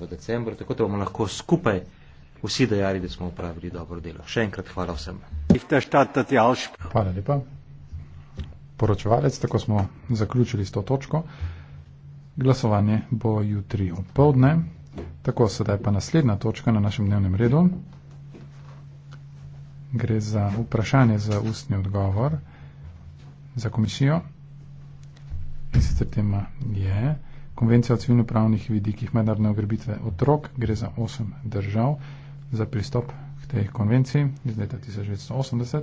v decembru, tako da bomo lahko skupaj vsi dejali, da smo upravili dobro delo. Še enkrat hvala vsem. Hvala lepa. Poročevalec, tako smo zaključili s to točko. Glasovanje bo jutri ob povdne. Tako sedaj pa naslednja točka na našem dnevnem redu. Gre za vprašanje za ustni odgovor za komisijo. In sicer tema je. Yeah konvencija o civilno-pravnih vidikih mednarodne ogrbitve otrok, gre za osem držav za pristop k tej konvenciji iz leta 1980.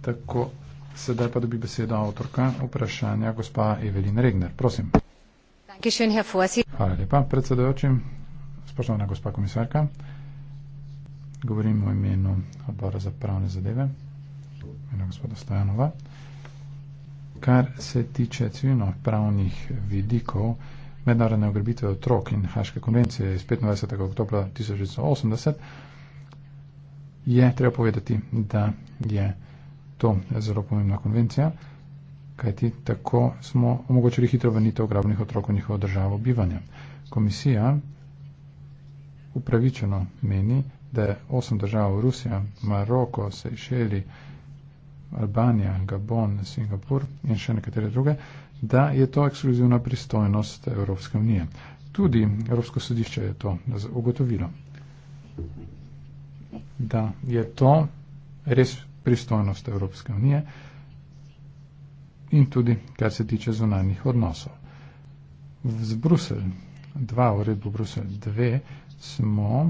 Tako sedaj pa dobi besedo avtorka vprašanja, gospa Evelin Regner. Prosim. Hvala lepa, predsedojoči. Spoštovana gospa komisarka, govorim o imenu odbora za pravne zadeve, imenu gospoda Stojanova. Kar se tiče civilno pravnih vidikov, mednarodne ogrebitve otrok in Haške konvencije iz 25. oktobra 1980, je treba povedati, da je to zelo pomembna konvencija, kajti tako smo omogočili hitro vrnitev ogrebnih otrok v njihovo državo bivanja. Komisija upravičeno meni, da je osem držav, Rusija, Maroko, Sejšeli, Albanija, Gabon, Singapur in še nekatere druge, da je to ekskluzivna pristojnost Evropske unije. Tudi Evropsko sodišče je to ugotovilo, da je to res pristojnost Evropske unije in tudi, kar se tiče zunanjih odnosov. Z Brusel, dva uredbo Brusel, dve smo,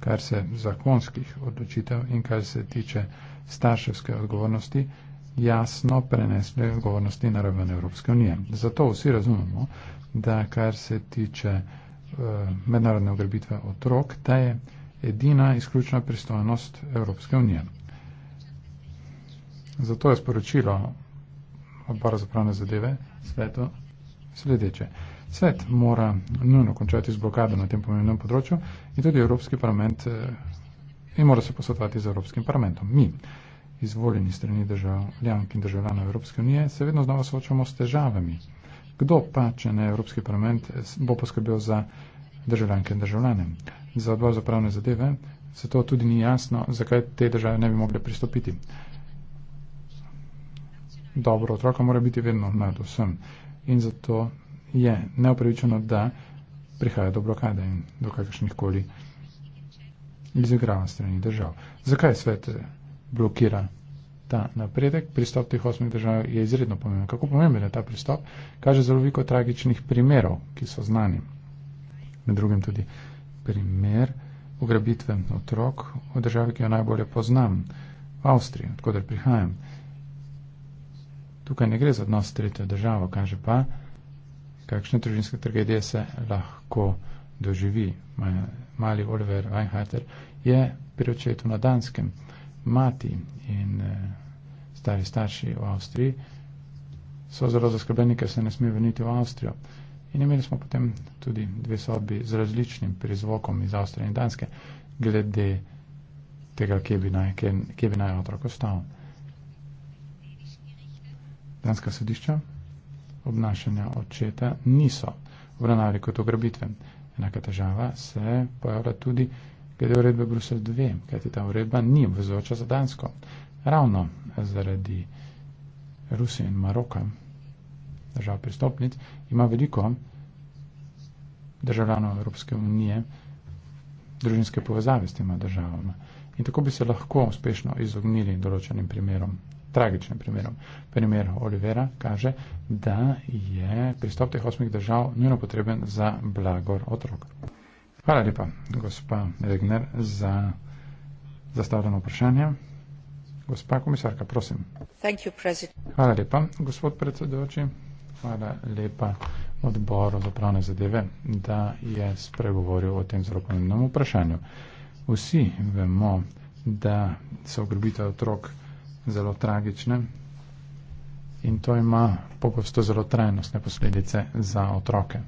kar se zakonskih odločitev in kar se tiče starševske odgovornosti jasno prenesli odgovornosti na raven Evropske unije. Zato vsi razumemo, da kar se tiče uh, mednarodne ogrebitve otrok, da je edina izključna pristojnost Evropske unije. Zato je sporočilo odbora za pravne zadeve svetu sledeče. Svet mora nujno končati z blokado na tem pomembnem področju in tudi Evropski parlament uh, in mora se posvetovati z Evropskim parlamentom. Mi, izvoljeni strani državljank in državljanov Evropske unije, se vedno znova soočamo s težavami. Kdo pa, če ne Evropski parlament, bo poskrbel za državljanke in državljane? Za odbor za pravne zadeve se to tudi ni jasno, zakaj te države ne bi mogle pristopiti. Dobro, otroka mora biti vedno nad vsem in zato je neopravičeno, da prihaja do blokade in do kakršnih koli izigravan strani držav. Zakaj svet blokira ta napredek? Pristop teh osmih držav je izredno pomemben. Kako pomemben je ta pristop? Kaže zelo veliko tragičnih primerov, ki so znani. Med drugim tudi primer ugrabitve otrok v državi, ki jo najbolje poznam, v Avstriji, odkudar prihajam. Tukaj ne gre za odnos tretjo državo, kaže pa, kakšne družinske tragedije se lahko doživi mali Oliver Weinhardt, je pri očetu na Danskem. Mati in eh, stari starši v Avstriji so zelo zaskrbljeni, ker se ne sme vrniti v Avstrijo. In imeli smo potem tudi dve sobi z različnim prizvokom iz Avstrije in Danske, glede tega, kje bi naj, kje, kje bi naj otrok ostal. Danska sodišča obnašanja očeta niso obravnavali kot ugrabitve. Enaka težava se pojavlja tudi glede uredbe Bruselj 2, kajti ta uredba ni obvezujoča za Dansko. Ravno zaradi Rusije in Maroka, držav pristopnic, ima veliko državljanov Evropske unije družinske povezave s tema državama. In tako bi se lahko uspešno izognili določenim primerom tragičnim primerom. Primer Olivera kaže, da je pristop teh osmih držav nujno potreben za blagor otrok. Hvala lepa, gospa Regner, za zastavljeno vprašanje. Gospa komisarka, prosim. You, hvala lepa, gospod predsedujoči. Hvala lepa odboru za pravne zadeve, da je spregovoril o tem zelo pomembnem vprašanju. Vsi vemo, da se ogrobitev otrok zelo tragične. In to ima pogosto zelo trajnostne posledice za otroke.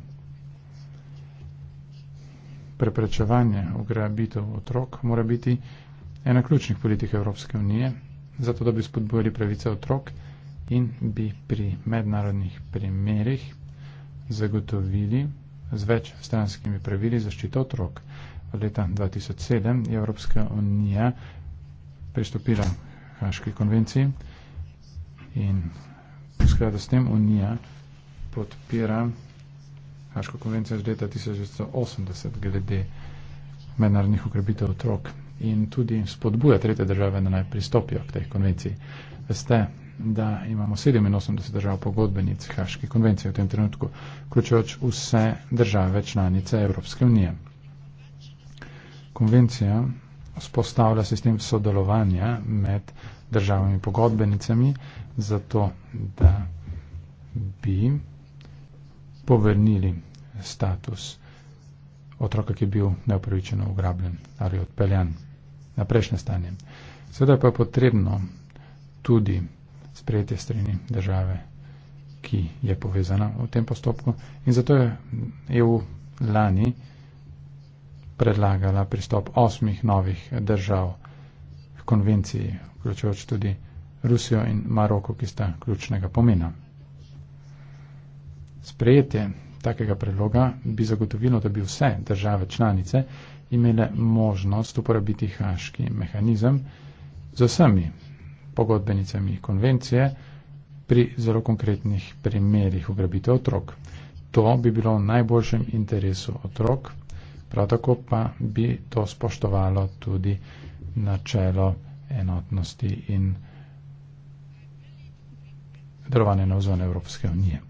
Preprečevanje ugrabitev otrok mora biti ena ključnih politik Evropske unije, zato da bi spodbojali pravice otrok in bi pri mednarodnih primerjih zagotovili z več stranskimi pravili zaščito otrok. Od leta 2007 je Evropska unija pristopila Haški konvenciji in v skladu s tem Unija podpira Haško konvencijo iz leta 1980 glede mednarodnih ukrepitev otrok in tudi spodbuja tretje države, da naj pristopijo k tej konvenciji. Veste, da imamo 87 držav pogodbenic Haške konvencije v tem trenutku, vključujoč vse države članice Evropske unije. Konvencija vzpostavlja sistem sodelovanja med državami pogodbenicami, zato da bi povrnili status otroka, ki je bil neupravičeno ugrabljen ali odpeljan na prejšnje stanje. Sveda pa je potrebno tudi sprejetje strani države, ki je povezana v tem postopku in zato je EU lani predlagala pristop osmih novih držav k konvenciji, vključujoč tudi Rusijo in Maroko, ki sta ključnega pomena. Sprejetje takega predloga bi zagotovilo, da bi vse države članice imele možnost uporabiti haški mehanizem z vsemi pogodbenicami konvencije pri zelo konkretnih primerih ugrabitev otrok. To bi bilo v najboljšem interesu otrok prav tako pa bi to spoštovalo tudi načelo enotnosti in delovanja na vzvone Evropske unije.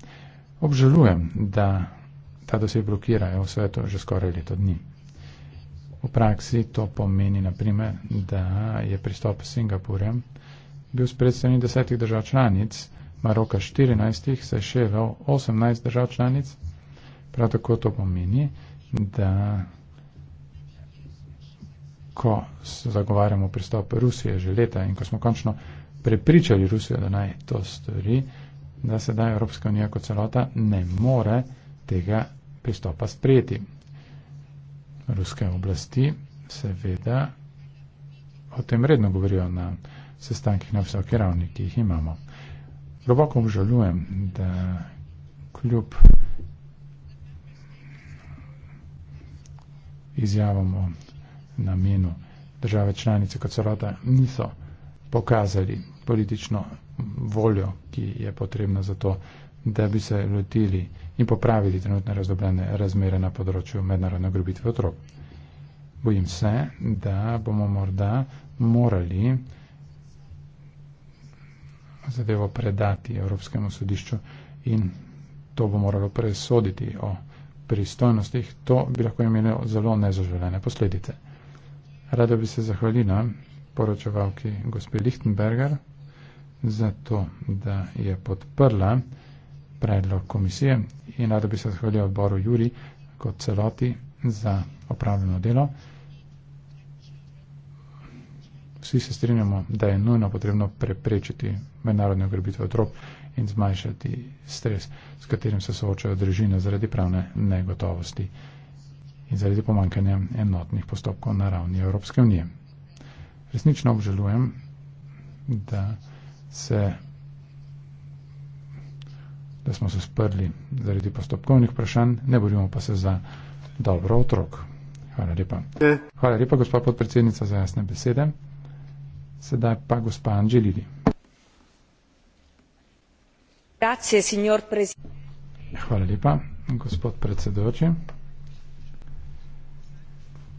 Obžalujem, da ta dosje blokira je v svetu že skoraj leto dni. V praksi to pomeni, na primer, da je pristop s Singapurjem bil s predstavnimi desetih držav članic, Maroka 14, Sešeljev 18 držav članic. Prav tako to pomeni, da ko zagovarjamo pristop Rusije že leta in ko smo končno prepričali Rusijo, da naj to stori, da sedaj Evropska unija kot celota ne more tega pristopa sprejeti. Ruske oblasti seveda o tem redno govorijo na sestankih na vsaki ravni, ki jih imamo. Globoko obžalujem, da kljub izjavom o namenu države članice kot celota niso pokazali politično voljo, ki je potrebna za to, da bi se lotili in popravili trenutne razdobljene razmere na področju mednarodne grobitve otrok. Bojim se, da bomo morda morali zadevo predati Evropskemu sodišču in to bo moralo presoditi o pristojnostih, to bi lahko imelo zelo nezaželene posledice. Rada bi se zahvalila poročevalki gospe Lichtenberger za to, da je podprla predlog komisije in rada bi se zahvalila odboru Juri kot celoti za opravljeno delo. Vsi se strinjamo, da je nujno potrebno preprečiti mednarodne ugrabitve otrok in zmanjšati stres, s katerim se soočajo družine zaradi pravne negotovosti in zaradi pomankanja enotnih postopkov na ravni Evropske unije. Resnično obžalujem, da, se, da smo se sprli zaradi postopkovnih vprašanj, ne borimo pa se za dobro otrok. Hvala lepa. Ja. Hvala lepa, gospod podpredsednica, za jasne besede. Sedaj pa gospod Anđelidi. Grazie, signor Presidente. Hvala lepa, gospod predsedujoči.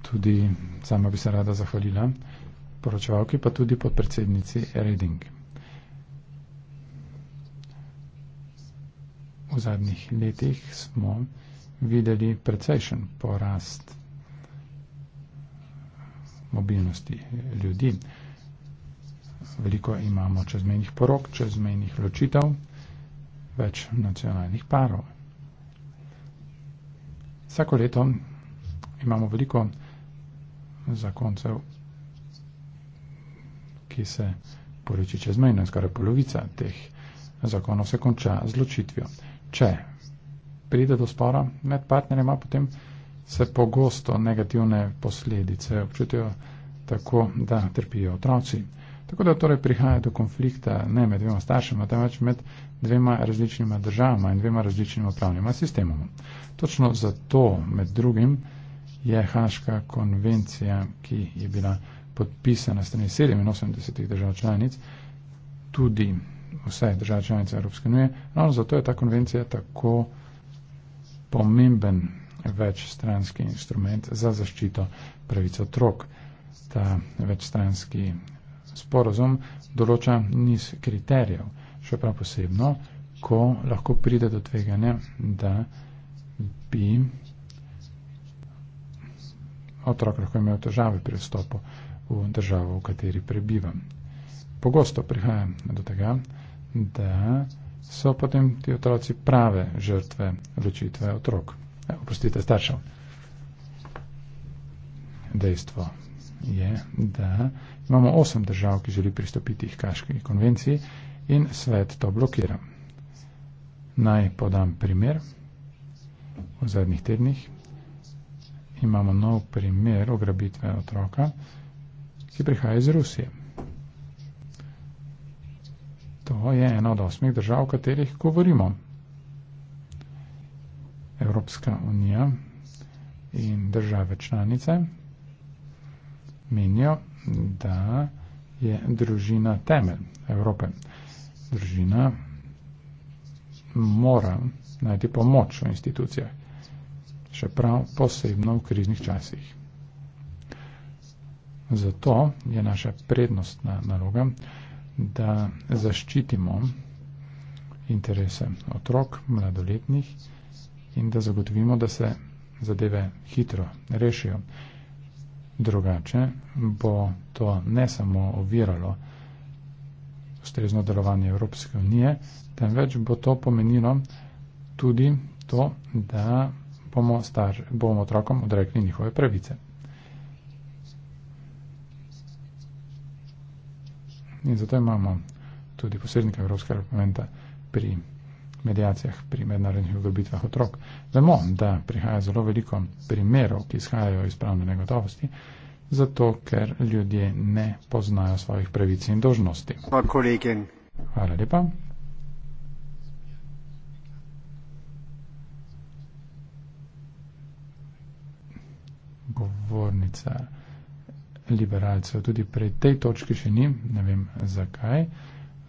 Tudi sama bi se rada zahvalila poročevalki, pa tudi podpredsednici Reding. V zadnjih letih smo videli precejšen porast mobilnosti ljudi. Veliko imamo čezmejnih porok, čezmejnih ločitev več nacionalnih parov. Vsako leto imamo veliko zakoncev, ki se poroči čez mejno, skoraj polovica teh zakonov se konča z ločitvijo. Če pride do spora med partnerima, potem se pogosto negativne posledice občutijo tako, da trpijo otroci. Tako da torej prihaja do konflikta ne med dvema staršema, temveč med dvema različnima državama in dvema različnima pravnima sistemoma. Točno zato med drugim je Haška konvencija, ki je bila podpisana strani 87 držav članic, tudi vse države članice Evropske unije, ravno zato je ta konvencija tako pomemben večstranski instrument za zaščito pravic otrok. Ta večstranski sporozum določa niz kriterijev, še prav posebno, ko lahko pride do tveganja, da bi otrok lahko imel težave pri vstopu v državo, v kateri prebivam. Pogosto prihaja do tega, da so potem ti otroci prave žrtve ločitve otrok. E, oprostite, staršev. Dejstvo, je, da imamo osem držav, ki želi pristopiti k Kaški konvenciji in svet to blokira. Naj podam primer. V zadnjih tednih imamo nov primer ograbitve otroka, ki prihaja iz Rusije. To je ena od osmih držav, o katerih govorimo. Evropska unija in države članice menijo, da je družina temelj Evrope. Družina mora najti pomoč v institucijah, še prav posebno v kriznih časih. Zato je naša prednostna naloga, da zaščitimo interese otrok, mladoletnih in da zagotovimo, da se zadeve hitro rešijo. Drugače bo to ne samo oviralo ustrezno delovanje Evropske unije, temveč bo to pomenilo tudi to, da bomo, star, bomo otrokom odrekli njihove pravice. In zato imamo tudi posrednika Evropskega parlamenta pri medijacijah pri mednarodnih ugrobitvah otrok. Vemo, da prihaja zelo veliko primerov, ki izhajajo iz pravne negotovosti, zato ker ljudje ne poznajo svojih pravic in dožnosti. Hvala lepa. Govornica liberalcev tudi pri tej točki še ni, ne vem zakaj.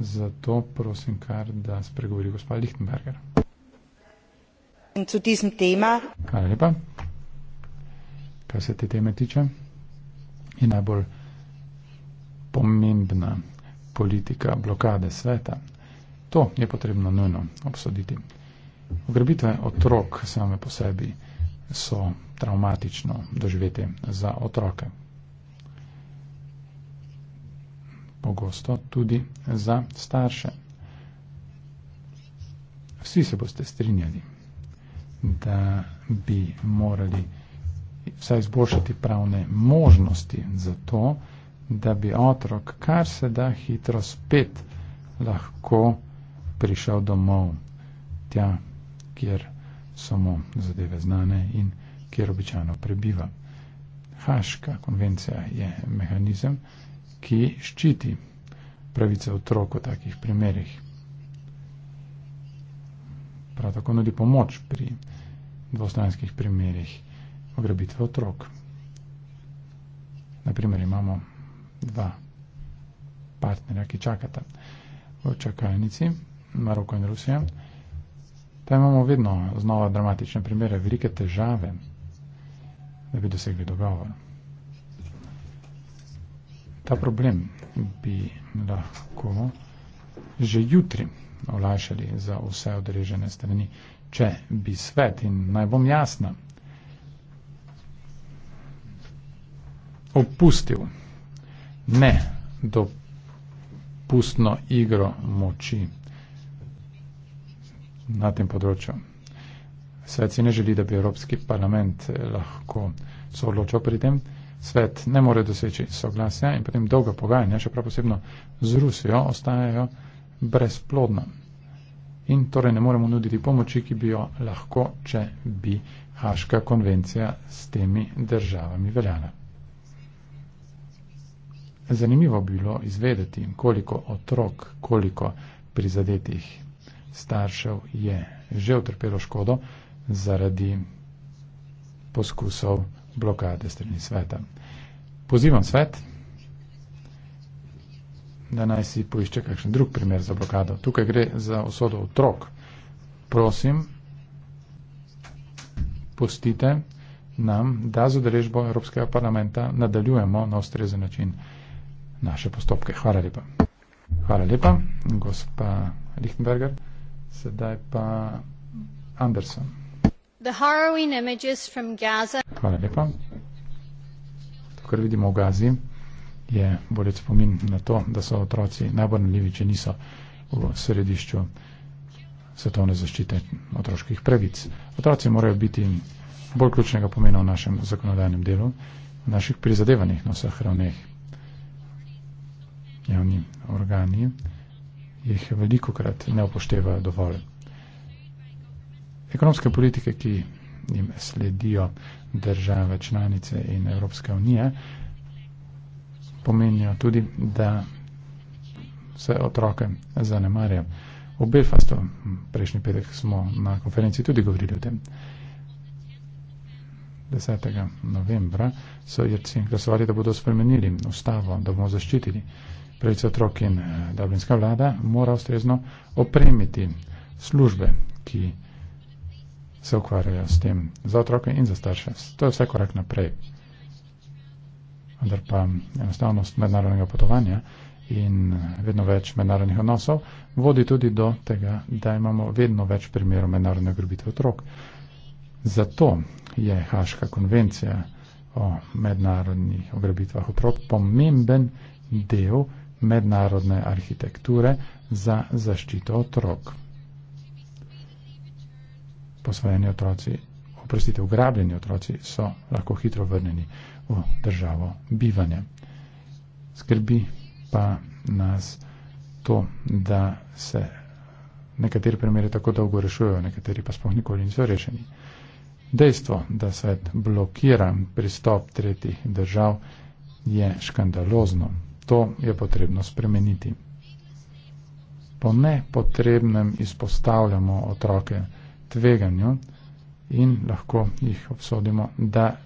Zato prosim kar, da spregovori gospod Lichtenberger. In zu diesem tema. Hvala lepa. Kar se te teme tiče, je najbolj pomembna politika blokade sveta. To je potrebno nujno obsoditi. Ugrabitve otrok same po sebi so traumatično doživeti za otroke, pogosto tudi za starše. Vsi se boste strinjali, da bi morali vsaj izboljšati pravne možnosti za to, da bi otrok kar se da hitro spet lahko prišel domov tja, kjer so mu zadeve znane in kjer običajno prebiva. Haška konvencija je mehanizem, ki ščiti pravice otrok v takih primerih. Prav tako nudi pomoč pri dvostranskih primerih ograbitve otrok. Naprimer, imamo dva partnerja, ki čakata v čakalnici, Maroko in Rusija. Tam imamo vedno znova dramatične primere, velike težave, da bi dosegli dogovor ta problem bi lahko že jutri olajšali za vse odrežene strani, če bi svet in naj bom jasna opustil ne dopustno igro moči na tem področju. Svet si ne želi, da bi Evropski parlament lahko soodločal pri tem svet ne more doseči soglasja in potem dolga pogajanja, še prav posebno z Rusijo, ostajajo brezplodna. In torej ne moremo nuditi pomoči, ki bi jo lahko, če bi Haška konvencija s temi državami veljala. Zanimivo bi bilo izvedeti, koliko otrok, koliko prizadetih staršev je že utrpelo škodo zaradi poskusov blokade strani sveta. Pozivam svet, da naj si poišče kakšen drug primer za blokado. Tukaj gre za osodo otrok. Prosim, pustite nam, da z odrežbo Evropskega parlamenta nadaljujemo na ustrezen način naše postopke. Hvala lepa. Hvala lepa, gospa Lichtenberger. Sedaj pa Anderson. The harrowing images from Gaza. Hvala lepa. To, kar vidimo v Gazi, je bolj spomin na to, da so otroci najbrnljivi, če niso v središču svetovne zaščite otroških pravic. Otroci morajo biti bolj ključnega pomena v našem zakonodajnem delu, v naših prizadevanjih na vseh ravneh. Javni organi jih veliko krat ne upoštevajo dovolj ekonomske politike, ki jim sledijo države članice in Evropske unije, pomenijo tudi, da se otroke zanemarja. O Belfastu prejšnji petek smo na konferenci tudi govorili o tem. 10. novembra so jedci glasovali, da bodo spremenili ustavo, da bomo zaščitili pravice otrok in eh, dublinska vlada mora ustrezno opremiti službe, ki se ukvarjajo s tem za otroke in za starše. To je vse korak naprej. Vendar pa enostavnost mednarodnega potovanja in vedno več mednarodnih odnosov vodi tudi do tega, da imamo vedno več primerov mednarodne grobitve otrok. Zato je Haška konvencija o mednarodnih ogrebitvah otrok pomemben del mednarodne arhitekture za zaščito otrok posvojeni otroci, oprostite, ugrabljeni otroci so lahko hitro vrneni v državo bivanja. Skrbi pa nas to, da se nekateri primere tako dolgo rešujejo, nekateri pa sploh nikoli niso rešeni. Dejstvo, da svet blokira pristop tretjih držav, je škandalozno. To je potrebno spremeniti. Po nepotrebnem izpostavljamo otroke tveganju in lahko jih obsodimo, da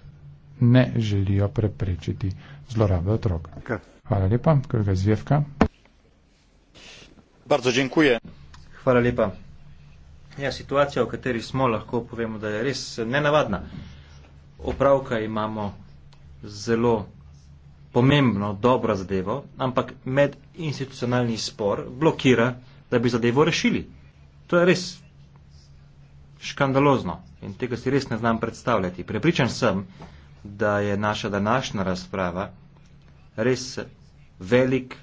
ne želijo preprečiti zlorabe otrok. Hvala lepa, kolega Zvjevka. Bardzo dziękuję. Hvala lepa. Ja, situacija, v kateri smo, lahko povemo, da je res nenavadna. Opravka imamo zelo pomembno, dobro zadevo, ampak medinstitucionalni spor blokira, da bi zadevo rešili. To je res škandalozno in tega si res ne znam predstavljati. Prepričan sem, da je naša današnja razprava res velik,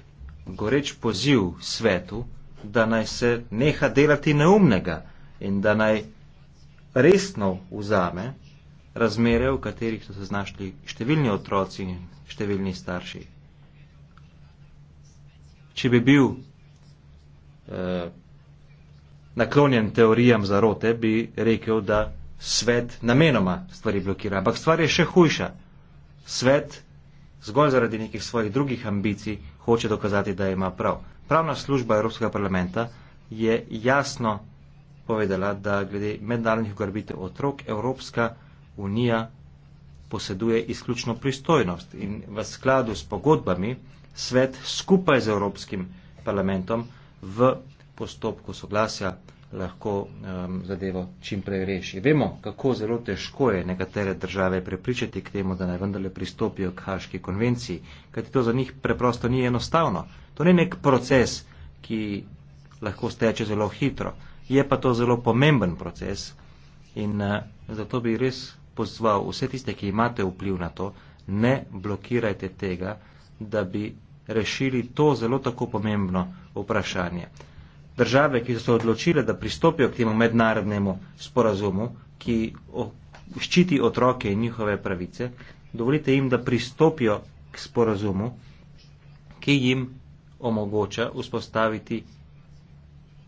goreč poziv svetu, da naj se neha delati neumnega in da naj resno vzame razmere, v katerih so se znašli številni otroci in številni starši. Če bi bil eh, naklonjen teorijam zarote, bi rekel, da svet namenoma stvari blokira. Ampak stvar je še hujša. Svet zgolj zaradi nekih svojih drugih ambicij hoče dokazati, da ima prav. Pravna služba Evropskega parlamenta je jasno povedala, da glede mednarodnih ugrabitev otrok Evropska unija poseduje izključno pristojnost in v skladu s pogodbami svet skupaj z Evropskim parlamentom v postopku soglasja lahko um, zadevo čimprej reši. Vemo, kako zelo težko je nekatere države prepričati k temu, da naj vendarle pristopijo k Haški konvenciji, kajti to za njih preprosto ni enostavno. To ni nek proces, ki lahko steče zelo hitro. Je pa to zelo pomemben proces in uh, zato bi res pozval vse tiste, ki imate vpliv na to, ne blokirajte tega, da bi rešili to zelo tako pomembno vprašanje države, ki so se odločile, da pristopijo k temu mednarodnemu sporazumu, ki ščiti otroke in njihove pravice, dovolite jim, da pristopijo k sporazumu, ki jim omogoča vzpostaviti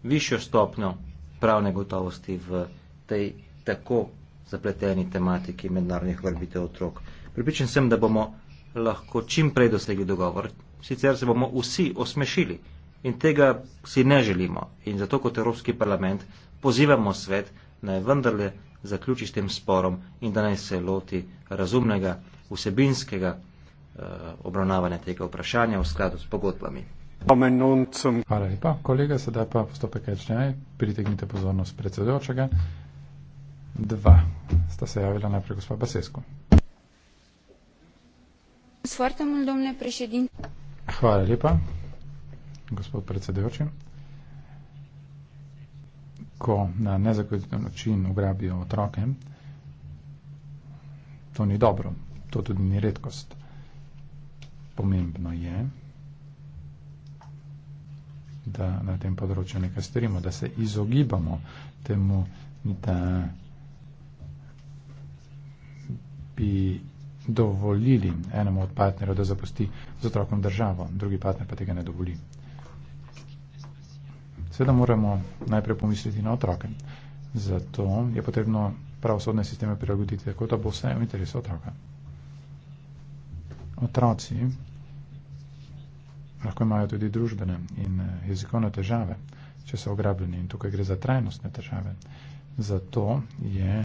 višjo stopnjo pravne gotovosti v tej tako zapleteni tematiki mednarodnih vrbitev otrok. Pripričan sem, da bomo lahko čim prej dosegli dogovor, sicer se bomo vsi osmešili in tega si ne želimo. In zato kot Evropski parlament pozivamo svet, naj vendarle zaključi s tem sporom in da naj se loti razumnega, vsebinskega eh, obravnavanja tega vprašanja v skladu s pogodbami. Hvala lepa, kolega, sedaj pa postopek rečnjaj, pritegnite pozornost predsedojočega. Dva sta se javila najprej gospod Basesko. Hvala lepa gospod predsedujoči. Ko na nezakonit način ugrabijo otroke, to ni dobro, to tudi ni redkost. Pomembno je, da na tem področju nekaj storimo, da se izogibamo temu, da bi dovolili enemu od partnerjev, da zapusti z otrokom državo, drugi partner pa tega ne dovoli. Seveda moramo najprej pomisliti na otroke. Zato je potrebno pravosodne sisteme prilagoditi tako, da bo vse v interesu otroka. Otroci lahko imajo tudi družbene in eh, jezikovne težave, če so ograbljeni. In tukaj gre za trajnostne težave. Zato je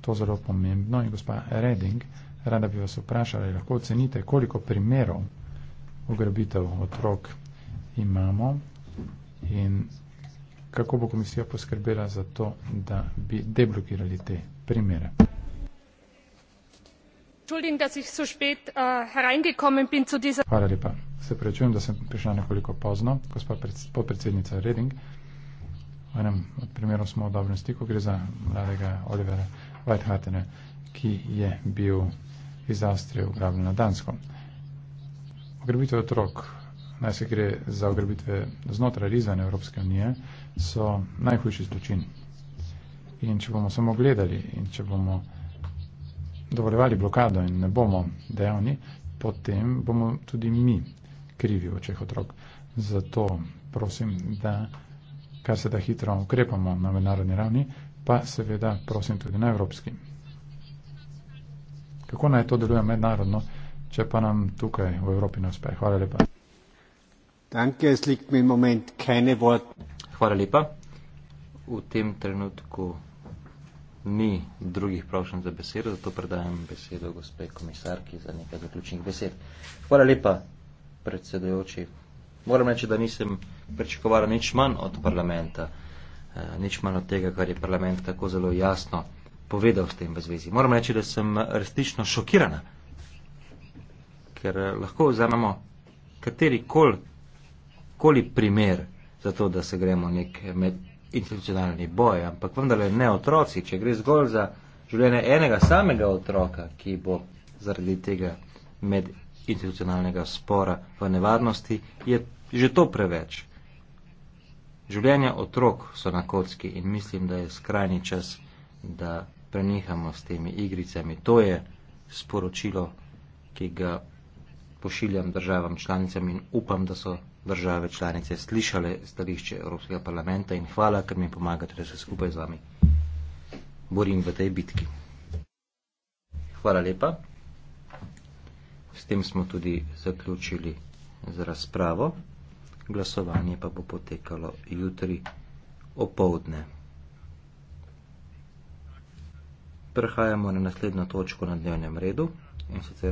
to zelo pomembno in gospa Reding, rada bi vas vprašala, lahko ocenite, koliko primerov ograbitev otrok imamo in kako bo komisija poskrbela za to, da bi deblokirali te primere. Äh, Hvala lepa. Se prečujem, da sem prišla nekoliko pozno, gospod podpredsednica Reding. V enem od primerov smo v dobrem stiku, gre za mladega Olivera Whitehartena, ki je bil iz Avstrije ugrabljen na Dansko. Ogrebitev otrok naj se gre za ogrebitve znotraj rizane Evropske unije, so najhujši zločin. In če bomo samo gledali in če bomo dovoljevali blokado in ne bomo dejavni, potem bomo tudi mi krivi očeh otrok. Zato prosim, da kar se da hitro ukrepamo na mednarodni ravni, pa seveda prosim tudi na evropski. Kako naj to deluje mednarodno, če pa nam tukaj v Evropi ne uspe? Hvala lepa. Danke, es liegt mir im Moment keine Wort. Hvala lepa. V tem trenutku ni drugih prošenj za besedo, zato predajam besedo gospe komisarki za nekaj zaključnih besed. Hvala lepa, predsedojoči. Moram reči, da nisem pričakovala nič manj od parlamenta, eh, nič manj od tega, kar je parlament tako zelo jasno povedal s tem v zvezi. Moram reči, da sem resnično šokirana, ker eh, lahko vzamemo katerikoli koli primer za to, da se gremo nek medinstitucionalni boj, ampak vendarle ne otroci, če gre zgolj za življenje enega samega otroka, ki bo zaradi tega medinstitucionalnega spora v nevarnosti, je že to preveč. Življenja otrok so na kocki in mislim, da je skrajni čas, da prenehamo s temi igricami. To je sporočilo, ki ga pošiljam državam članicam in upam, da so države članice slišale stališče Evropskega parlamenta in hvala, ker mi pomagate, da se skupaj z vami borim v tej bitki. Hvala lepa. S tem smo tudi zaključili z razpravo. Glasovanje pa bo potekalo jutri opovdne. Prehajamo na naslednjo točko na dnevnem redu in sicer